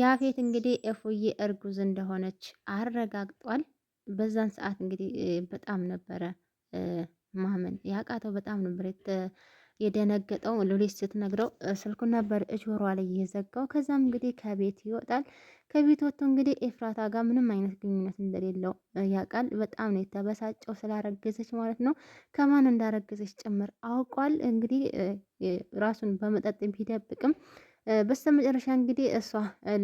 ያፌት እንግዲህ እፉዬ እርጉዝ እንደሆነች አረጋግጧል። በዛን ሰዓት እንግዲህ በጣም ነበረ ማመን ያቃተው፣ በጣም ነበር የደነገጠው። ሉሊት ስትነግረው ስልኩን ነበር እጆሯ ላይ እየዘጋው ከዛም እንግዲህ ከቤት ይወጣል። ከቤት ወጥቶ እንግዲህ ኤፍራታ ጋር ምንም አይነት ግንኙነት እንደሌለው ያውቃል። በጣም ነው የተበሳጨው ስላረገዘች ማለት ነው። ከማን እንዳረገዘች ጭምር አውቋል። እንግዲህ ራሱን በመጠጥ ቢደብቅም በስተመጨረሻ እንግዲህ እሷ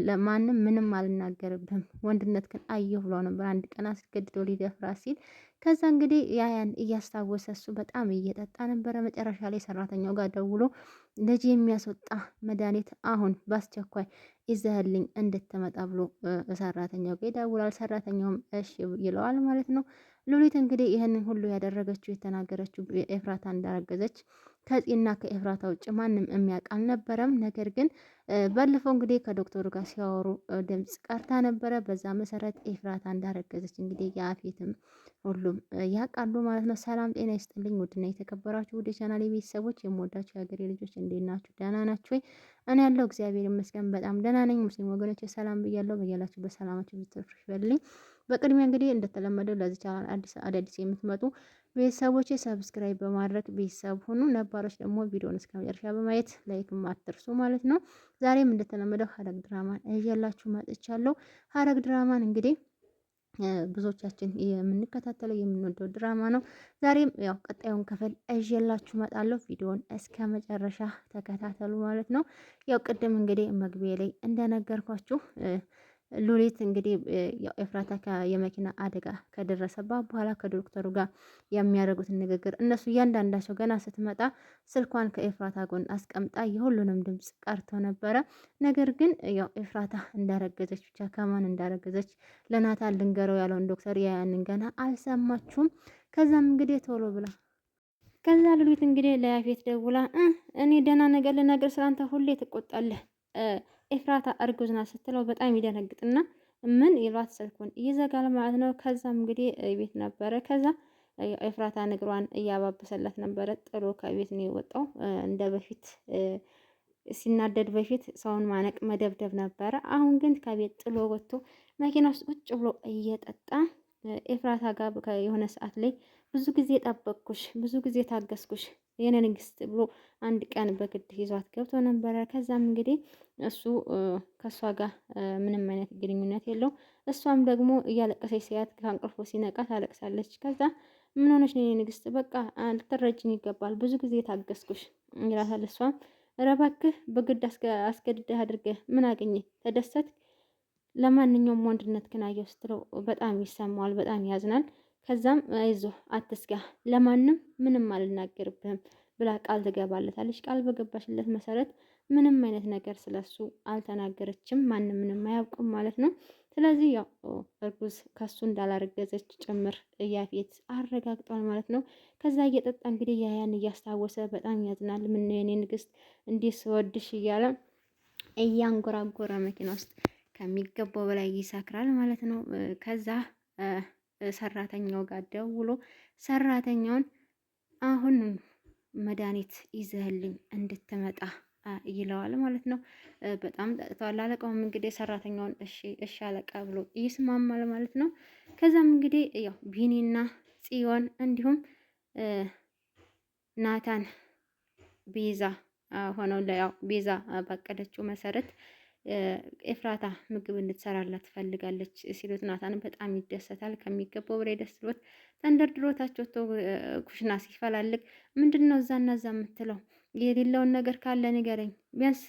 ለማንም ምንም አልናገርብህም ወንድነት ግን አየሁ ብሎ ነበር። አንድ ቀን አስገድዶ ሊደፍራ ሲል ከዛ እንግዲህ ያያን እያስታወሰ እሱ በጣም እየጠጣ ነበረ። መጨረሻ ላይ ሰራተኛው ጋር ደውሎ ልጅ የሚያስወጣ መድኃኒት አሁን በአስቸኳይ ይዘህልኝ እንድትመጣ ብሎ ሰራተኛው ጋር ይደውላል። ሰራተኛውም እሺ ይለዋል ማለት ነው። ሉሊት እንግዲህ ይህንን ሁሉ ያደረገችው የተናገረችው ኤፍራታ እንዳረገዘች ከፂና ከኤፍራታ ውጭ ማንም የሚያውቅ አልነበረም። ነገር ግን ባለፈው እንግዲህ ከዶክተሩ ጋር ሲያወሩ ድምፅ ቀርታ ነበረ። በዛ መሰረት ኤፍራታ እንዳረገዘች እንግዲህ የአፌትም ሁሉም ያውቃሉ ማለት ነው። ሰላም ጤና ይስጥልኝ ውድና የተከበራችሁ ውድ ቻናል የቤተሰቦች የምወዳችሁ የሀገሬ ልጆች እንዴት ናችሁ? ደህና ናችሁ ወይ? እኔ ያለው እግዚአብሔር ይመስገን በጣም ደህና ነኝ። ሙስሊም ወገኖች ሰላም ብያለሁ። በያላችሁ በሰላማችሁ ብትርፍ ይበልኝ። በቅድሚያ እንግዲህ እንደተለመደው ለዚህ ቻናል አዳዲስ የምትመጡ ቤተሰቦች ሰብስክራይብ በማድረግ ቤተሰብ ሁኑ። ነባሮች ደግሞ ቪዲዮን እስከ መጨረሻ በማየት ላይክ ማትርሱ ማለት ነው። ዛሬም እንደተለመደው ሐረግ ድራማን እያላችሁ መጥቻለሁ። ሐረግ ድራማን እንግዲህ ብዙዎቻችን የምንከታተለው የምንወደው ድራማ ነው። ዛሬም ያው ቀጣዩን ክፍል እዤላችሁ መጣለሁ። ቪዲዮውን እስከ መጨረሻ ተከታተሉ ማለት ነው። ያው ቅድም እንግዲህ መግቢያ ላይ እንደነገርኳችሁ ሉሊት እንግዲህ ኤፍራታ የመኪና አደጋ ከደረሰባት በኋላ ከዶክተሩ ጋር የሚያደርጉትን ንግግር እነሱ እያንዳንዳቸው ገና ስትመጣ ስልኳን ከኤፍራታ ጎን አስቀምጣ የሁሉንም ድምፅ ቀርቶ ነበረ። ነገር ግን ያው ኤፍራታ እንዳረገዘች ብቻ ከማን እንዳረገዘች ለናታን ልንገረው ያለውን ዶክተር ያያንን ገና አልሰማችሁም። ከዛም እንግዲህ ቶሎ ብላ ከዛ ሉሊት እንግዲህ ለያፌት ደውላ እኔ ደህና ነገር ልነግር ስላንተ ሁሌ ትቆጣለህ ኤፍራታ እርጉዝ ናት ስትለው በጣም ይደነግጥና ምን ይሏት ስልኩን ይዘጋል ማለት ነው። ከዛም እንግዲህ ቤት ነበረ። ከዛ ኤፍራታ ንግሯን እያባበሰላት ነበረ። ጥሎ ከቤት ነው የወጣው። እንደ በፊት ሲናደድ በፊት ሰውን ማነቅ መደብደብ ነበረ። አሁን ግን ከቤት ጥሎ ወጥቶ መኪና ውስጥ ቁጭ ብሎ እየጠጣ ኤፍራታ ጋር የሆነ ሰዓት ላይ ብዙ ጊዜ ጠበቅኩሽ፣ ብዙ ጊዜ ታገስኩሽ የኔ ንግስት ብሎ አንድ ቀን በግድ ይዟት ገብቶ ነበረ። ከዛም እንግዲህ እሱ ከእሷ ጋር ምንም አይነት ግንኙነት የለው። እሷም ደግሞ እያለቀሰች ሲያት ከእንቅልፏ ሲነቃ ታለቅሳለች። ከዛ ምን ሆነች ነው ንግስት፣ በቃ ልትረጅኝ ይገባል፣ ብዙ ጊዜ ታገስኩሽ ይላታል። እሷም ረባክህ በግድ አስገድደህ አድርገህ ምን አገኘ ተደሰት፣ ለማንኛውም ወንድነት ግን ስትለው በጣም ይሰማዋል፣ በጣም ያዝናል። ከዛም አይዞህ አትስጋ፣ ለማንም ምንም አልናገርብህም ብላ ቃል ትገባለታለች። ቃል በገባችለት መሰረት ምንም አይነት ነገር ስለሱ አልተናገረችም። ማንም ምንም አያውቅም ማለት ነው። ስለዚህ ያው እርጉዝ ከሱ እንዳላረገዘች ጭምር ያፌት አረጋግጧል ማለት ነው። ከዛ እየጠጣ እንግዲህ ያያን እያስታወሰ በጣም ያዝናል። ምን የኔ ንግስት እንዲህ ስወድሽ እያለ እያንጎራጎረ መኪና ውስጥ ከሚገባው በላይ ይሰክራል ማለት ነው። ከዛ ሰራተኛው ጋር ደውሎ ሰራተኛውን አሁን መድኃኒት ይዘህልኝ እንድትመጣ ይለዋል ማለት ነው። በጣም ጠጥቷል። አለቃውም እንግዲህ ሰራተኛውን እሺ እሺ አለቃ ብሎ ይስማማል ማለት ነው። ከዛም እንግዲህ ያው ቢኒና ጽዮን እንዲሁም ናታን ቤዛ ሆነው ያው ቤዛ ባቀደችው መሰረት ኤፍራታ ምግብ እንድትሰራላት ትፈልጋለች ሲሉት ናታን በጣም ይደሰታል። ከሚገባው በላይ ደስ ብሎት ተንደርድሮታቸው ወጥቶ ኩሽና ሲፈላልግ ምንድን ነው እና እዛ የምትለው የሌለውን ነገር ካለ ንገረኝ፣ ቢያንስ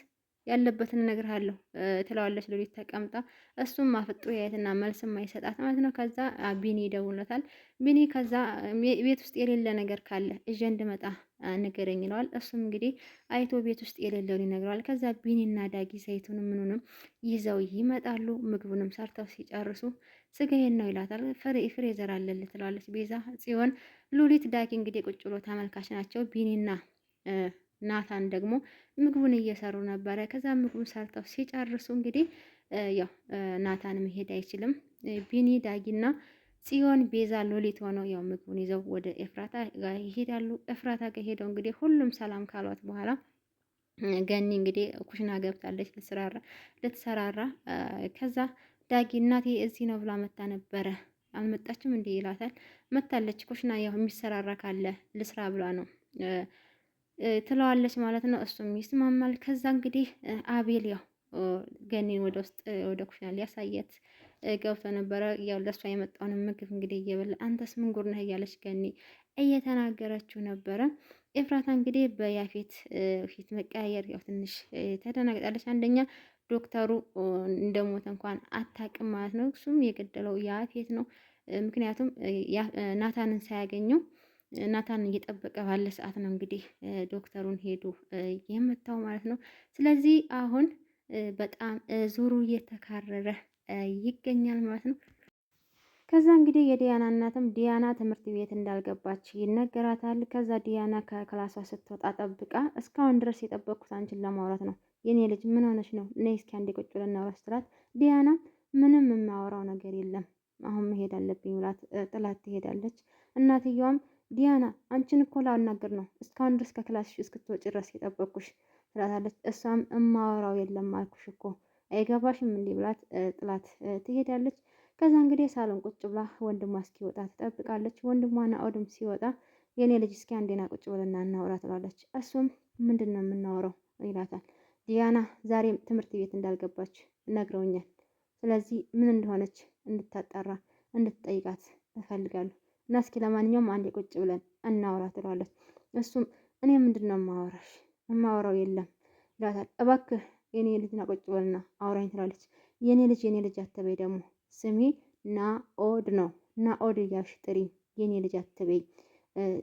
ያለበትን እነግርሃለሁ ትለዋለች። ሎሊት ተቀምጣ እሱም አፍጦ ያየትና መልስ ማይሰጣት ማለት ነው። ከዛ ቢኒ ይደውለታል። ቢኒ ከዛ ቤት ውስጥ የሌለ ነገር ካለ እዤ እንድመጣ ንገረኝ ይለዋል። እሱም እንግዲህ አይቶ ቤት ውስጥ የሌለውን ይነግረዋል። ከዛ ቢኒና ዳጊ ዘይቱንም ምኑንም ይዘው ይመጣሉ። ምግቡንም ሰርተው ሲጨርሱ ስጋዬን ነው ይላታል። ፍሬዘር አለል ትለዋለች ቤዛ። ጽዮን፣ ሉሊት፣ ዳጊ እንግዲህ ቁጭ ብሎ ተመልካች ናቸው። ቢኒና ናታን ደግሞ ምግቡን እየሰሩ ነበረ። ከዛ ምግቡን ሰርተው ሲጨርሱ እንግዲህ ያው ናታን መሄድ አይችልም ቢኒ ዳጊና ጽዮን ቤዛ ሎሊት ሆነው ያው ምግቡን ይዘው ወደ ኤፍራታ ጋር ይሄዳሉ። ኤፍራታ ጋር ሄደው እንግዲህ ሁሉም ሰላም ካሏት በኋላ ገኒ እንግዲህ ኩሽና ገብታለች ልትሰራራ ልትሰራራ ከዛ ዳጊ እናቴ እዚህ ነው ብላ መታ ነበረ አልመጣችም እንዲህ ይላታል። መታለች ኩሽና ያው የሚሰራራ ካለ ልስራ ብላ ነው ትለዋለች ማለት ነው። እሱም ይስማማል። ከዛ እንግዲህ አቤል ያው ገኒን ወደ ውስጥ ወደ ኩሽና ሊያሳየት ገብቶ ነበረ። ያው ለእሷ የመጣውን ምግብ እንግዲህ እየበላ አንተስ ምን ጉር ነህ እያለች ገኒ እየተናገረችው ነበረ። ኤፍራታ እንግዲህ በያፌት ፊት መቀያየር ያው ትንሽ ተደናግጣለች። አንደኛ ዶክተሩ እንደሞተ እንኳን አታውቅም ማለት ነው። እሱም የገደለው ያፌት ነው። ምክንያቱም ናታንን ሳያገኘው ናታን እየጠበቀ ባለ ሰዓት ነው እንግዲህ ዶክተሩን ሄዱ የመታው ማለት ነው። ስለዚህ አሁን በጣም ዙሩ እየተካረረ ይገኛል ማለት ነው። ከዛ እንግዲህ የዲያና እናትም ዲያና ትምህርት ቤት እንዳልገባች ይነገራታል። ከዛ ዲያና ከክላሷ ስትወጣ ጠብቃ እስካሁን ድረስ የጠበቅኩት አንቺን ለማውራት ነው፣ የኔ ልጅ ምን ሆነች ነው? እኔ እስኪ አንዴ ቁጭ ብለን እናውራ ስትላት ዲያና ምንም የማወራው ነገር የለም አሁን መሄድ አለብኝ ብላት ጥላት ትሄዳለች። እናትየዋም ዲያና አንቺን እኮ ላናገር ነው እስካሁን ድረስ ከክላስሽ እስክትወጪ ድረስ የጠበቅኩሽ ትላታለች። እሷም እማወራው የለም አልኩሽ እኮ አይገባሽም እንዲህ ብላት ጥላት ትሄዳለች። ከዛ እንግዲህ ሳሎን ቁጭ ብላ ወንድሟ እስኪወጣ ትጠብቃለች። ወንድሟ ናኦድም ሲወጣ የኔ ልጅ እስኪ አንዴና ቁጭ ብለና እናውራ ትላለች። እሱም ምንድን ነው የምናወራው ይላታል። ዲያና ዛሬ ትምህርት ቤት እንዳልገባች ነግረውኛል። ስለዚህ ምን እንደሆነች እንድታጣራ እንድትጠይቃት እፈልጋለሁ እና እስኪ ለማንኛውም አንዴ ቁጭ ብለን እናውራ ትላለች። እሱም እኔ ምንድን ነው የማወራሽ የማወራው የለም ይላታል። እባክህ የኔ ልጅ ና ቁጭ በልና አውራኝ ትላለች። የኔ ልጅ የኔ ልጅ አትበይ ደግሞ ስሜ ናኦድ ነው ናኦድ እያልሽ ጥሪ የኔ ልጅ አትበይ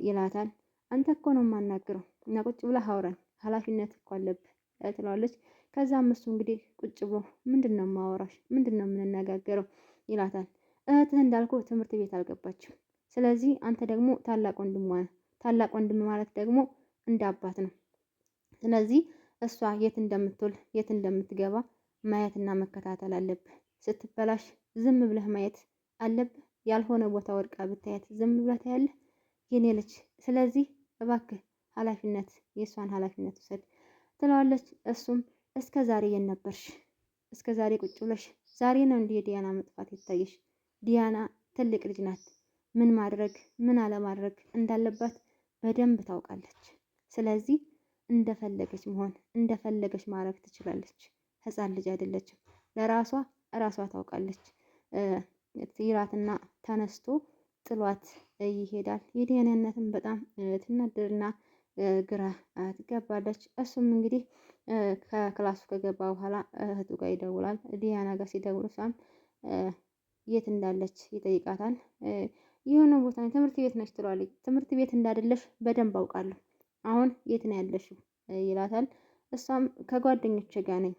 ይላታል። አንተ እኮ ነው የማናግረው እና ቁጭ ብላ አውራኝ ኃላፊነት እኮ አለብህ ትለዋለች። ከዛም እሱ እንግዲህ ቁጭ ብሎ ምንድን ነው ማወራሽ ምንድን ነው የምንነጋገረው ይላታል። እህትህ እንዳልኩ ትምህርት ቤት አልገባችም። ስለዚህ አንተ ደግሞ ታላቅ ወንድም ታላቅ ወንድም ማለት ደግሞ እንደ አባት ነው። ስለዚህ እሷ የት እንደምትውል የት እንደምትገባ ማየትና መከታተል አለብህ። ስትበላሽ ዝም ብለህ ማየት አለብህ። ያልሆነ ቦታ ወድቃ ብታያት ዝም ብለህ ታያለህ። የኔ ልጅ ስለዚህ እባክህ ኃላፊነት የእሷን ኃላፊነት ውሰድ ትለዋለች። እሱም እስከ ዛሬ የት ነበርሽ? እስከ ዛሬ ቁጭ ብለሽ ዛሬ ነው እንዲህ የዲያና መጥፋት የታየሽ? ዲያና ትልቅ ልጅ ናት። ምን ማድረግ ምን አለማድረግ እንዳለባት በደንብ ታውቃለች። ስለዚህ እንደፈለገች መሆን እንደፈለገች ማድረግ ትችላለች። ህፃን ልጅ አይደለችም። ለራሷ እራሷ ታውቃለች። ይላትና ተነስቶ ጥሏት ይሄዳል። የደህንነትን በጣም ትናደድና ግራ ትገባለች። እሱም እንግዲህ ከክላሱ ከገባ በኋላ እህቱ ጋር ይደውላል። ዲያና ጋር ሲደውል እሷም የት እንዳለች ይጠይቃታል። የሆነ ቦታ ትምህርት ቤት ነች ትለዋለች። ትምህርት ቤት እንዳደለሽ በደንብ አውቃለሁ አሁን የት ነው ያለሽው ይላታል። እሷም ከጓደኞቼ ጋር ነኝ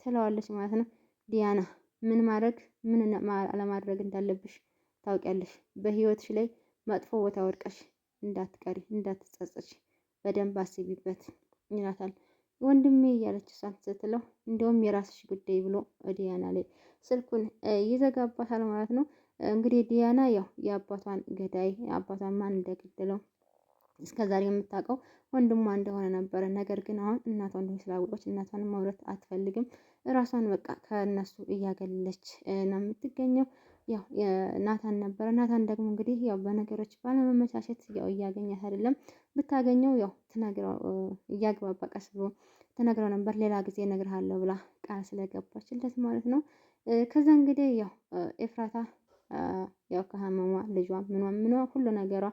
ትለዋለች ማለት ነው። ዲያና ምን ማድረግ ምን አለማድረግ እንዳለብሽ ታውቂያለሽ። በህይወትሽ ላይ መጥፎ ቦታ ወድቀሽ እንዳትቀሪ እንዳትጸጸች በደንብ አስቢበት ይላታል። ወንድሜ እያለች እሷን ስትለው እንዲሁም የራስሽ ጉዳይ ብሎ ዲያና ላይ ስልኩን ይዘጋባታል ማለት ነው። እንግዲህ ዲያና ያው የአባቷን ገዳይ አባቷን ማን እንደገደለው እስከ ዛሬ የምታውቀው ወንድሟ እንደሆነ ነበረ። ነገር ግን አሁን እናቷ እንደሆነ ስላወቀች እናቷን መውረት አትፈልግም። እራሷን በቃ ከእነሱ እያገለች ነው የምትገኘው። ያው ናታን ነበረ። ናታን ደግሞ እንግዲህ ያው በነገሮች ባለመመቻቸት ያው እያገኛት አይደለም። ብታገኘው ያው ትነግረው እያግባባ ቀስ ብሎ ትነግረው ነበር። ሌላ ጊዜ እነግርሃለሁ ብላ ቃል ስለገባችለት ማለት ነው። ከዛ እንግዲህ ያው ኤፍራታ ያው ከህመሟ ልጇ ምኗ ምኗ ሁሉ ነገሯ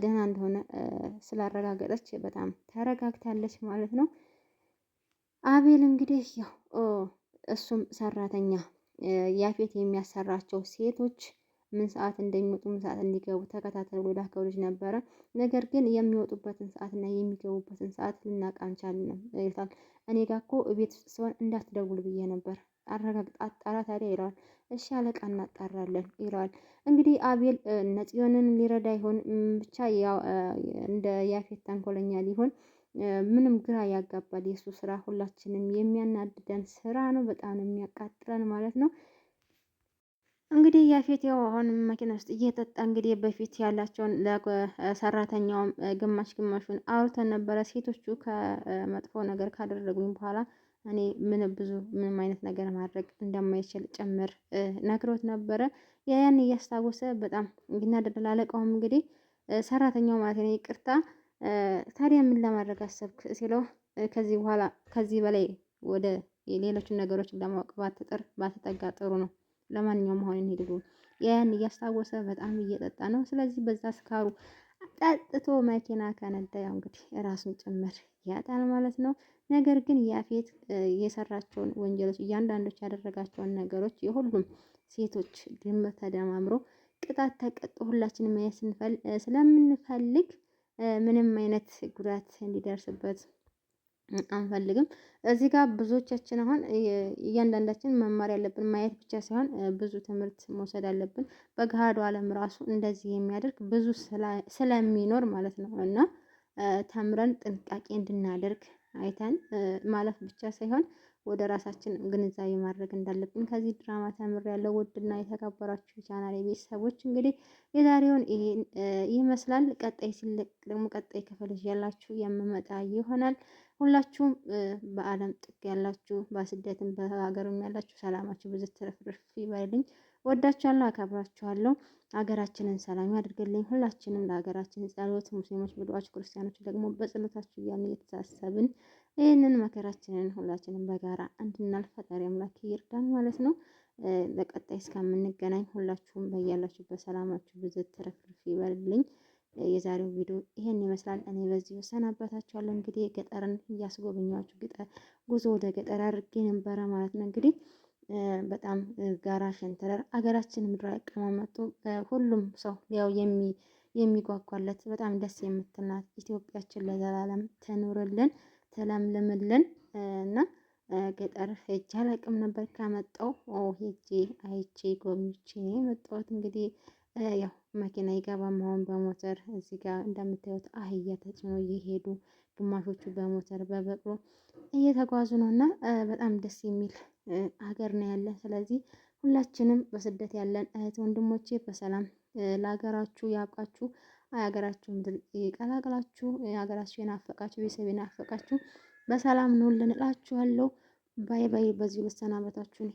ደህና እንደሆነ ስላረጋገጠች በጣም ተረጋግታለች ማለት ነው። አቤል እንግዲህ ያው እሱም ሰራተኛ ያፌት የሚያሰራቸው ሴቶች ምን ሰዓት እንደሚወጡ ምን ሰዓት እንዲገቡ ተከታተሉ ላከው ልጅ ነበረ። ነገር ግን የሚወጡበትን ሰዓት የሚገቡበትን ሰዓት ልናውቅ አንቻልንም ይላል። እኔ ጋር እኮ ቤት ውስጥ ሲሆን እንዳትደውል ብዬ ነበር አረጋግጣ አጣራ ታዲያ ይለዋል። እሺ አለቃ እናጣራለን ይለዋል። እንግዲህ አቤል ነጽዮንን ሊረዳ ይሆን ብቻ እንደ ያፌት ተንኮለኛ ሊሆን ምንም ግራ ያጋባል። የእሱ ስራ ሁላችንም የሚያናድደን ስራ ነው። በጣም የሚያቃጥለን ማለት ነው። እንግዲህ ያፌት ያው አሁን መኪና ውስጥ እየጠጣ እንግዲህ በፊት ያላቸውን ለሰራተኛውም ግማሽ ግማሹን አውርተን ነበረ። ሴቶቹ ከመጥፎ ነገር ካደረጉኝ በኋላ እኔ ምን ብዙ ምንም አይነት ነገር ማድረግ እንደማይችል ጭምር ነግሮት ነበረ። ያን እያስታወሰ በጣም ይናደዳል። አለቃውም እንግዲህ ሰራተኛው ማለት ነው ይቅርታ ታዲያ ምን ለማድረግ አሰብክ ሲለው ከዚህ በኋላ ከዚህ በላይ ወደ ሌሎችን ነገሮች ለማወቅ ባትጥር ባትጠጋ ጥሩ ነው። ለማንኛውም አሁን እንሂድ ብሎ ያን እያስታወሰ በጣም እየጠጣ ነው። ስለዚህ በዛ ስካሩ ጠጥቶ መኪና ከነዳ ያው እንግዲህ ራሱን ጭምር ያጣል ማለት ነው። ነገር ግን ያፌት የሰራቸውን ወንጀሎች እያንዳንዶች ያደረጋቸውን ነገሮች የሁሉም ሴቶች ድምር ተደማምሮ ቅጣት ተቀጦ ሁላችን ማየት ስለምንፈልግ ምንም አይነት ጉዳት እንዲደርስበት አንፈልግም። እዚህ ጋር ብዙዎቻችን አሁን እያንዳንዳችን መማር ያለብን ማየት ብቻ ሳይሆን ብዙ ትምህርት መውሰድ አለብን። በገሃዱ ዓለም ራሱ እንደዚህ የሚያደርግ ብዙ ስለሚኖር ማለት ነው እና ተምረን ጥንቃቄ እንድናደርግ አይተን ማለፍ ብቻ ሳይሆን ወደ ራሳችን ግንዛቤ ማድረግ እንዳለብን ከዚህ ድራማ ተምሬያለሁ። ውድና የተከበራችሁ ቻናል የቤተሰቦች እንግዲህ የዛሬውን ይሄን ይመስላል። ቀጣይ ሲለቅ ደግሞ ቀጣይ ክፍል ያላችሁ የምመጣ ይሆናል። ሁላችሁም በዓለም ጥግ ያላችሁ በስደትም በሀገርም ያላችሁ ሰላማችሁ ብዙ ትርፍርፍ ይበልኝ። ወዳችኋለሁ፣ አከብራችኋለሁ። አገራችንን ሰላም ያድርግልኝ። ሁላችንም ለሀገራችን ጸሎት፣ ሙስሊሞች በዱዓች ክርስቲያኖች ደግሞ በጸሎታችሁ እያልን እየተሳሰብን ይህንን መከራችንን ሁላችንም በጋራ እንድናልፍ ፈጣሪ አምላክ ይርዳን ማለት ነው። በቀጣይ እስከምንገናኝ ሁላችሁም በያላችሁ በሰላማችሁ ብዝት ትረፍርፍ ይበልልኝ። የዛሬው ቪዲዮ ይሄን ይመስላል። እኔ በዚህ እሰናበታችኋለሁ። እንግዲህ ገጠርን እያስጎበኘኋችሁ ጉዞ ወደ ገጠር አድርጌ ነበረ ማለት ነው እንግዲህ በጣም ጋራ ሸንተረር ሀገራችን ምድር አቀማመጡ ሁሉም ሰው ያው የሚጓጓለት በጣም ደስ የምትናት ኢትዮጵያችን ለዘላለም ትኑርልን ትለምልምልን። እና ገጠር ሄጄ ላቅም ነበር ከመጣው ሄጄ አይቼ ጎብኝቼ ነው የመጣሁት። እንግዲህ ያው መኪና ይገባ መሆን በሞተር እዚህ ጋር እንደምታዩት አህያ ተጭኖ እየሄዱ ግማሾቹ በሞተር በበቅሎ እየተጓዙ ነው እና በጣም ደስ የሚል ሀገር ነው ያለን። ስለዚህ ሁላችንም በስደት ያለን እህት ወንድሞቼ በሰላም ለሀገራችሁ ያብቃችሁ። ሀገራችሁን ቀላቅላችሁ ሀገራችሁ የናፈቃችሁ ቤተሰብ የናፈቃችሁ በሰላም ኑሩልን እላችኋለሁ። ባይ ባይ። በዚሁ ልሰናበታችሁ ነው።